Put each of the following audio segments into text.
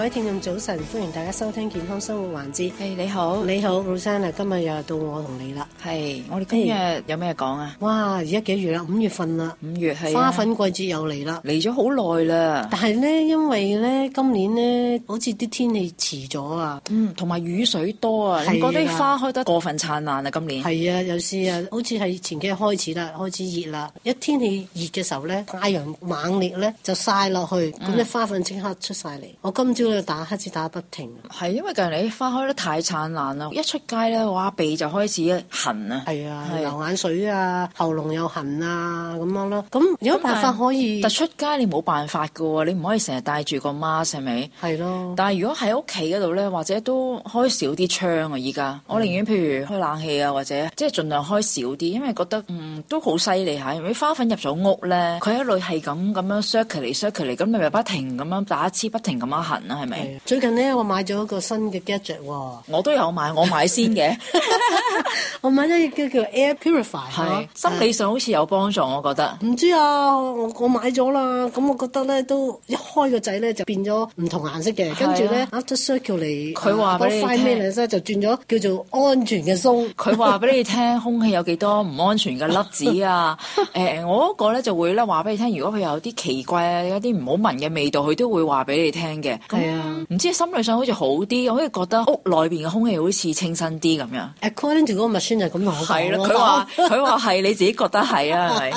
各位聽眾早晨，歡迎大家收聽健康生活環節。誒，你好，你好，Rosanna 啊，今日又到我同你啦。係，我哋今日有咩講啊？哇，而家幾月啦？五月份啦，五月係花粉季節又嚟啦，嚟咗好耐啦。但係咧，因為咧，今年咧，好似啲天氣遲咗啊，嗯，同埋雨水多啊，你覺得啲花開得過分燦爛啊，今年係啊，有是啊，好似係前幾日開始啦，開始熱啦，一天氣熱嘅時候咧，太陽猛烈咧，就晒落去，咁啲花粉即刻出晒嚟。我今朝。喺度打，開始打不停。係因為隔籬花開得太燦爛啦，一出街咧，我阿鼻就開始痕啦。係啊，係啊，流眼水啊，喉嚨又痕啊，咁樣咯。咁有冇辦法可以？但出街你冇辦法嘅喎，你唔可以成日戴住個 mask 係咪？係咯。但係如果喺屋企嗰度咧，或者都開少啲窗啊！依家我寧願譬如開冷氣啊，或者即係儘量開少啲，因為覺得嗯都好犀利嚇。如果花粉入咗屋咧，佢一路係咁咁樣 circle 嚟 circle 嚟，咁你咪不停咁樣打一次，不停咁樣痕啦。係咪？最近咧，我買咗一個新嘅 gadget。哦。我都有買，我買先嘅。 我買咗叫叫 air purifier，是、啊、心理上好似有幫助，我覺得。唔知啊，我我買咗啦。咁我覺得咧，都一開個掣咧就變咗唔同顏色嘅。啊、跟住咧，after circle 嚟，佢話俾你聽，就轉咗叫做安全嘅 zone。佢話俾你聽空氣有幾多唔安全嘅粒子啊？ 誒，我嗰個咧就會咧話俾你聽，如果佢有啲奇怪啊，有啲唔好聞嘅味道，佢都會話俾你聽嘅。唔 Yeah. 知心理上好似好啲，我好似覺得屋內邊嘅空氣好似清新啲咁樣。According to 嗰個 machine 就咁樣講咯。係咯的，佢話佢話係你自己覺得係啊，係。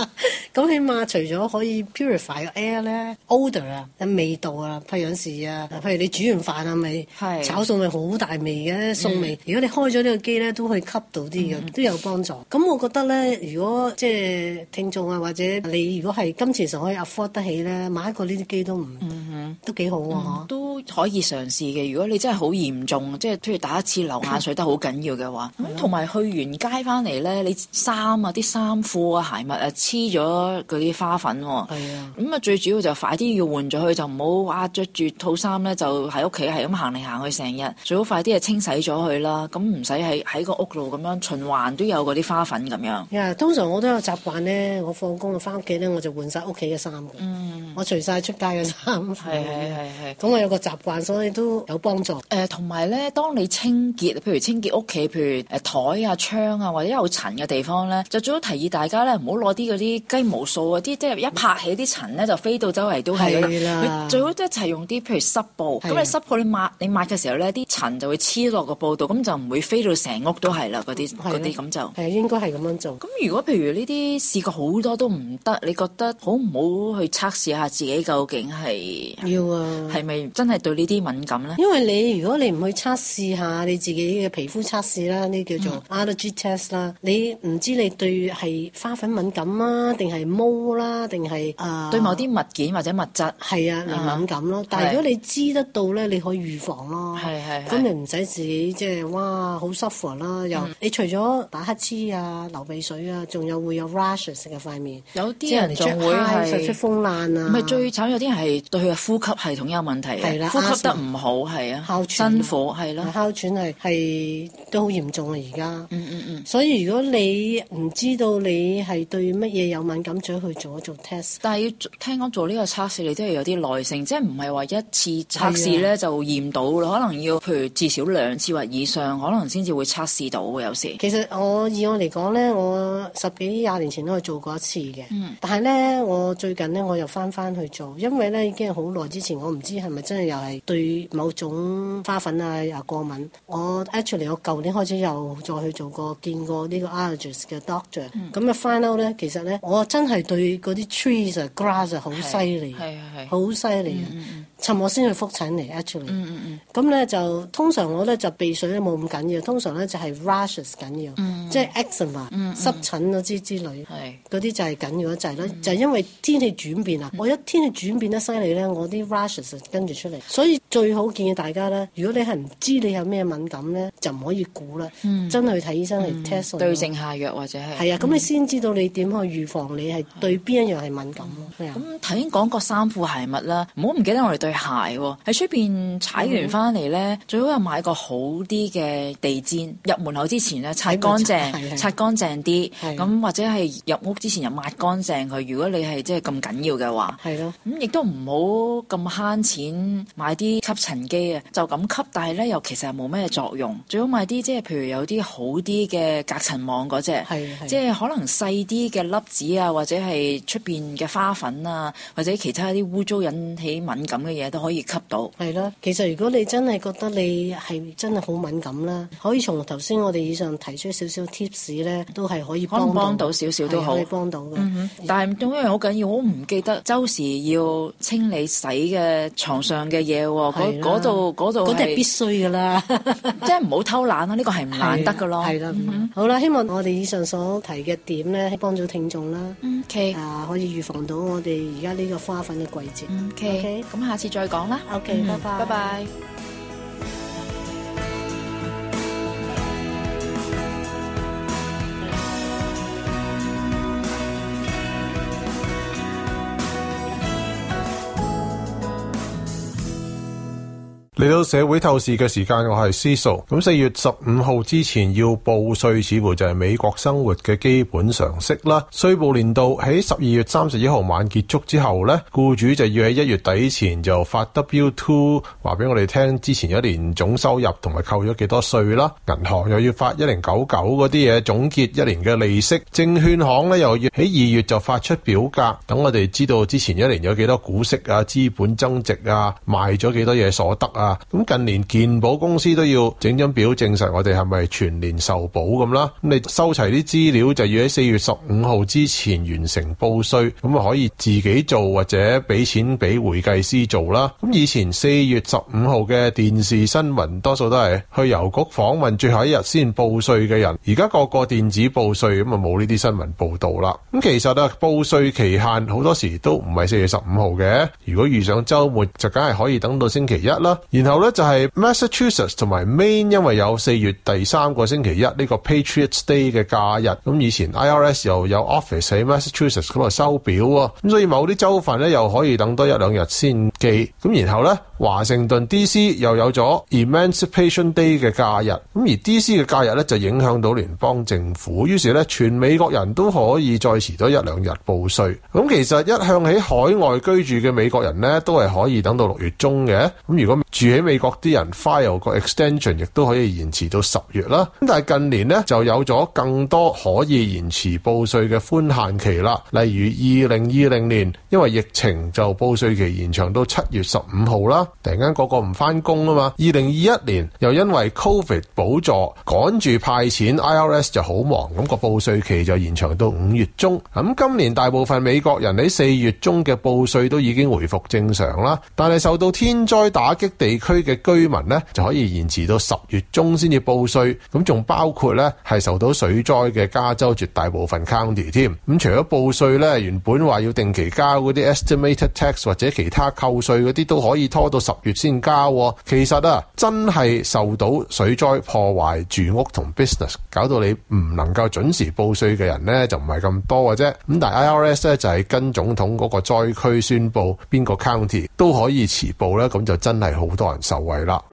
咁 起碼除咗可以 purify 個 air 咧 odor 啊，older, 味道啊，譬如有時啊，譬如你煮完飯啊，咪是炒餸咪好大味嘅、啊、餸味。Mm. 如果你開咗呢個機咧，都可以吸到啲嘅，mm hmm. 都有幫助。咁我覺得咧，如果即係聽眾啊，或者你如果係金錢上可以 afford 得起咧，買一個呢啲機都唔、mm hmm. 都幾好啊、mm hmm. 嗯。都可以嘗試嘅，如果你真係好嚴重，即係譬如打一次流眼水都好緊要嘅話，咁同埋去完街翻嚟咧，你衫啊、啲衫褲啊、鞋襪啊黐咗嗰啲花粉，咁啊的、嗯、最主要就快啲要換咗佢，就唔好哇着住套衫咧就喺屋企係咁行嚟行去成日，最好快啲啊清洗咗佢啦，咁唔使喺喺個屋度咁樣循環都有嗰啲花粉咁樣。呀，yeah, 通常我都有習慣咧，我放工啊翻屋企咧我就換晒屋企嘅衫嘅，嗯、我除晒出街嘅衫褲。係係咁我有個習。習慣所以都有幫助。誒、呃，同埋咧，當你清潔，譬如清潔屋企，譬如誒台啊、窗啊，或者有塵嘅地方咧，就最好提議大家咧，唔好攞啲嗰啲雞毛掃嗰啲，即係一拍起啲塵咧，就飛到周圍都係。係啦。最好一齊用啲譬如濕布。係。咁你濕布你抹你抹嘅時候咧，啲塵就會黐落個布度，咁就唔會飛到成屋都係啦。嗰啲嗰啲咁就係啊，應該係咁樣做。咁如果譬如呢啲試過好多都唔得，你覺得好唔好去測試下自己究竟係要啊？係咪真係？對呢啲敏感咧，因為你如果你唔去測試下你自己嘅皮膚測試啦，呢叫做 allergy test 啦，你唔知你對係花粉敏感啦，定係毛啦，定係對某啲物件或者物質係啊敏感咯。但係如果你知得到咧，你可以預防咯。係係。咁你唔使自己即係哇好 suffer 啦，又你除咗打乞嗤啊、流鼻水啊，仲有會有 rashes 嘅塊面。有啲人仲會係出風癩啊。唔係最慘，有啲人係對佢嘅呼吸系統有問題呼吸得唔好，係啊 As ma, 的，哮喘，辛苦，係咯，哮喘係係都好嚴重啊！而家，嗯嗯嗯，所以如果你唔知道你係對乜嘢有敏感，最好去做一做 test 但做。但係要聽講做呢個測試你都係有啲耐性，即係唔係話一次測試咧就驗到咯？的可能要，譬如至少兩次或以上，可能先至會測試到嘅，有時，其實我以我嚟講咧，我十幾廿年前都係做過一次嘅，嗯，但係咧我最近咧我又翻翻去做，因為咧已經係好耐之前，我唔知係咪真係。又係對某種花粉啊又過敏，我 actually 我舊年開始又再去做過，見過呢個的 ctor，嗯、呢個 allergist 嘅 doctor，咁啊 final 咧，其實咧我真係對嗰啲 trees 啊 grass 好犀利，係啊，係，好犀利啊！尋我先去覆診嚟，actually，咁咧就通常我咧就鼻水咧冇咁緊要，通常咧就係 rashes 緊要，即係 eczema、濕疹嗰之之類，嗰啲就係緊要，就係咧就係因為天氣轉變啦，我一天氣轉變得犀利咧，我啲 rashes 跟住出嚟，所以最好建議大家咧，如果你係唔知你有咩敏感咧，就唔可以估啦，真係去睇醫生嚟 test 對症下藥或者係係啊，咁你先知道你點去預防你係對邊一樣係敏感咯。咁頭先講過衫褲鞋襪啦，唔好唔記得我哋對。鞋，喺出邊踩完翻嚟咧，嗯、最好有買個好啲嘅地氈，入門口之前咧擦乾淨，是是擦乾淨啲，咁是或者係入屋之前又抹乾淨佢。如果你係即係咁緊要嘅話，係咯的，咁亦、嗯、都唔好咁慳錢買啲吸塵機啊，就咁吸，但係咧又其實係冇咩作用。最好買啲即係譬如有啲好啲嘅隔塵網嗰隻，的即係可能細啲嘅粒子啊，或者係出邊嘅花粉啊，或者其他啲污糟引起敏感嘅嘢。都可以吸到，係啦。其實如果你真係覺得你係真係好敏感啦，可以從頭先我哋以上提出少少 tips 咧，都係可以幫到，幫到少少都可以幫到嘅。但係仲有一樣好緊要，我唔記得周時要清理洗嘅床上嘅嘢喎。嗰嗰度嗰度嗰度係必須噶啦，即係唔好偷懶咯。呢個係唔難得噶咯。係啦，好啦，希望我哋以上所提嘅點咧，幫助聽眾啦。嗯，OK 啊，可以預防到我哋而家呢個花粉嘅季節。嗯，OK，咁下。次再講啦，OK，拜拜。拜拜 嚟到社會透視嘅時間，我係思素。咁四月十五號之前要報稅，似乎就係美國生活嘅基本常識啦。稅報年度喺十二月三十一號晚結束之後呢，僱主就要喺一月底前就發 W-2 話俾我哋聽，之前一年總收入同埋扣咗幾多稅啦。銀行又要發一零九九嗰啲嘢，總結一年嘅利息。證券行咧又要喺二月就發出表格，等我哋知道之前一年有幾多股息啊、資本增值啊、賣咗幾多嘢所得啊。咁近年健保公司都要整張表證實我哋係咪全年受保咁啦，咁你收齊啲資料就要喺四月十五號之前完成報稅，咁啊可以自己做或者俾錢俾會計師做啦。咁以前四月十五號嘅電視新聞多數都係去郵局訪問最後一日先報稅嘅人，而家個個電子報稅，咁啊冇呢啲新聞報道啦。咁其實啊報稅期限好多時都唔係四月十五號嘅，如果遇上週末就梗係可以等到星期一啦。然後咧就係 Massachusetts 同埋 Maine，e 因為有四月第三個星期一呢、這個 Patriots Day 嘅假日，咁以前 IRS 又有 office 喺 Massachusetts 嗰度收表啊，咁所以某啲州份咧又可以等多一兩日先寄。咁然後咧華盛頓 DC 又有咗 Emancipation Day 嘅假日，咁而 DC 嘅假日咧就影響到聯邦政府，於是咧全美國人都可以再遲多一兩日報稅。咁其實一向喺海外居住嘅美國人咧都係可以等到六月中嘅。咁如果住喺美國啲人 file 個 extension 亦都可以延遲到十月啦。咁但係近年咧就有咗更多可以延遲報稅嘅寬限期啦。例如二零二零年，因為疫情就報稅期延長到七月十五號啦。突然間個個唔翻工啊嘛。二零二一年又因為 COVID 補助趕住派錢，IRS 就好忙，咁個報稅期就延長到五月中。咁今年大部分美國人喺四月中嘅報稅都已經回復正常啦。但係受到天災打擊地地區嘅居民咧，就可以延遲到十月中先至報稅，咁仲包括咧係受到水災嘅加州絕大部分 county 添。咁除咗報稅咧，原本話要定期交嗰啲 estimated tax 或者其他扣稅嗰啲都可以拖到十月先交。其實啊，真係受到水災破壞住屋同 business，搞到你唔能夠準時報稅嘅人咧，就唔係咁多嘅啫。咁但係 IRS 咧就係跟總統嗰個災區宣佈邊個 county 都可以遲報咧，咁就真係好多。受惠啦。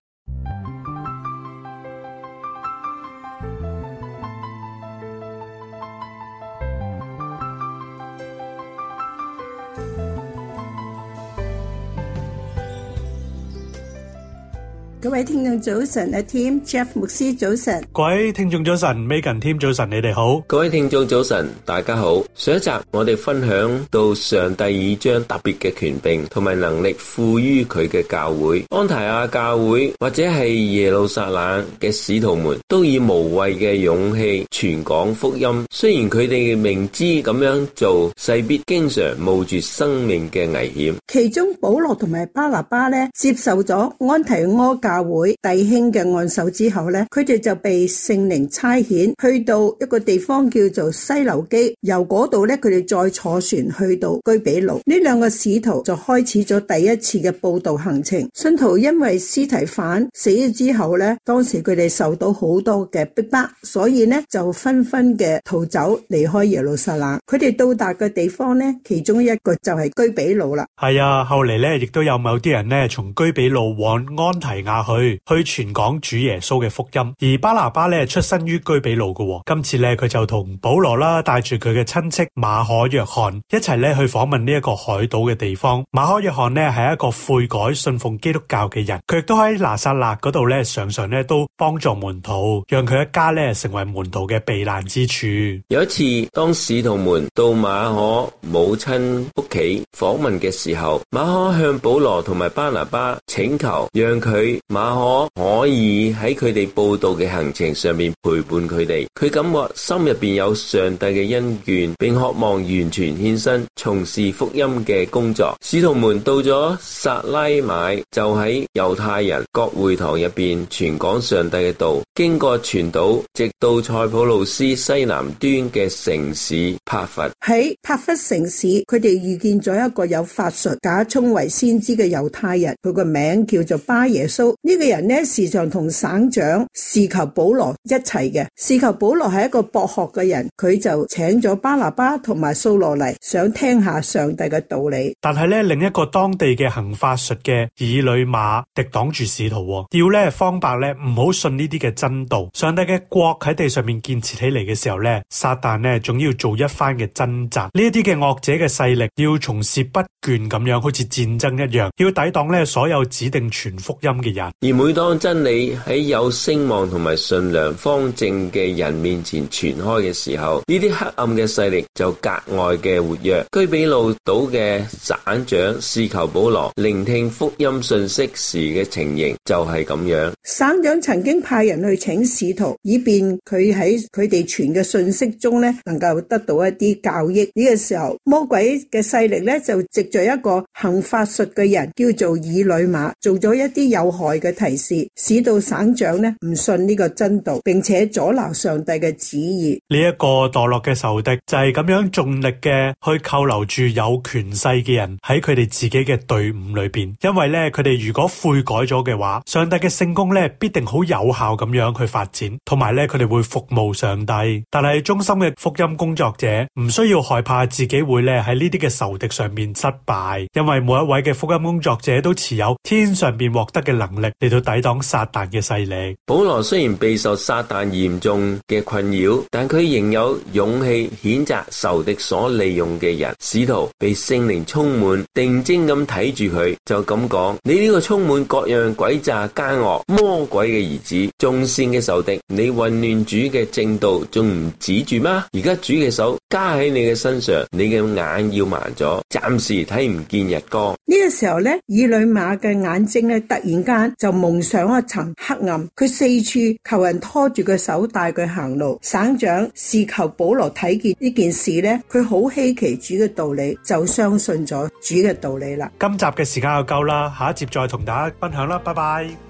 各位聽眾早晨，阿 Tim、Jeff 牧師早晨，各位聽眾早晨，Megan 添早晨，你哋好，各位聽眾早晨，大家好。上一集我哋分享到上帝已將特別嘅權柄同埋能力賦予佢嘅教會，安提阿教會或者係耶路撒冷嘅使徒們，都以無畏嘅勇氣傳講福音。雖然佢哋明知咁樣做，勢必經常冒住生命嘅危險。其中保羅同埋巴拿巴咧，接受咗安提阿教。教會弟兄嘅按手之後咧，佢哋就被聖靈差遣去到一個地方叫做西流基，由嗰度咧，佢哋再坐船去到居比路。呢兩個使徒就開始咗第一次嘅布道行程。信徒因為司提反死咗之後咧，當時佢哋受到好多嘅逼迫，所以咧就紛紛嘅逃走離開耶路撒冷。佢哋到達嘅地方咧，其中一個就係居比路啦。係啊，後嚟咧亦都有某啲人咧從居比路往安提阿。去去全港主耶穌嘅福音，而巴拿巴咧係出身於居比路嘅。今次咧佢就同保羅啦，帶住佢嘅親戚馬可約翰一齊咧去訪問呢一個海島嘅地方。馬可約翰咧係一個悔改信奉基督教嘅人，佢亦都喺拿撒勒嗰度咧常常咧都幫助門徒，讓佢一家咧成為門徒嘅避難之處。有一次，當使徒們到馬可母親屋企訪問嘅時候，馬可向保羅同埋巴拿巴請求，讓佢。馬可可以喺佢哋報道嘅行程上面陪伴佢哋，佢感覺心入面有上帝嘅恩眷，並渴望完全獻身，從事福音嘅工作。使徒們到咗撒拉米，就喺猶太人各會堂入邊傳講上帝嘅道，經過全島，直到塞浦路斯西南端嘅城市帕弗。喺帕弗城市，佢哋遇見咗一個有法術、假充為先知嘅猶太人，佢個名叫做巴耶穌。呢個人呢，時常同省長士求保羅一齊嘅。士求保羅係一個博學嘅人，佢就請咗巴拿巴同埋蘇羅嚟，想聽下上帝嘅道理。但係呢，另一個當地嘅行法術嘅以女馬敵擋住使徒，哦，要呢方伯呢唔好信呢啲嘅真道。上帝嘅國喺地上面建設起嚟嘅時候呢，撒旦呢總要做一番嘅掙扎。呢啲嘅惡者嘅勢力要從事不倦咁樣，好似戰爭一樣，要抵擋呢所有指定傳福音嘅人。而每當真理喺有聲望同埋信良方正嘅人面前傳開嘅時候，呢啲黑暗嘅勢力就格外嘅活躍。居比路島嘅省長士求保羅聆聽福音信息時嘅情形就係咁樣。省長曾經派人去請使徒，以便佢喺佢哋傳嘅信息中呢，能夠得到一啲教益。呢個時候魔鬼嘅勢力呢，就藉着一個行法術嘅人叫做以女馬，做咗一啲有害，嘅提示使到省長呢，唔信呢個真道，並且阻撓上帝嘅旨意。呢一個墮落嘅仇敵就係咁樣盡力嘅去扣留住有權勢嘅人喺佢哋自己嘅隊伍裏邊，因為咧佢哋如果悔改咗嘅話，上帝嘅聖工咧必定好有效咁樣去發展，同埋咧佢哋會服務上帝。但係忠心嘅福音工作者唔需要害怕自己會咧喺呢啲嘅仇敵上面失敗，因為每一位嘅福音工作者都持有天上邊獲得嘅能力，嚟到抵擋撒旦嘅勢力。保羅雖然備受撒旦嚴重嘅困擾，但佢仍有勇氣譴責仇敵所利用嘅人。使徒被聖靈充滿，定睛咁睇住佢，就咁講：你呢個充滿各樣詭詐奸惡、魔鬼嘅兒子、眾善嘅仇敵，你混亂主嘅正道，仲唔止住嗎？而家主嘅手加喺你嘅身上，你嘅眼要盲咗，暫時睇唔見日光。呢個時候咧，以呂馬嘅眼睛咧，突然間。就蒙上一層黑暗，佢四處求人拖住佢手帶佢行路。省長士求保羅睇見呢件事呢，佢好稀奇主嘅道理，就相信咗主嘅道理啦。今集嘅時間就夠啦，下一節再同大家分享啦，拜拜。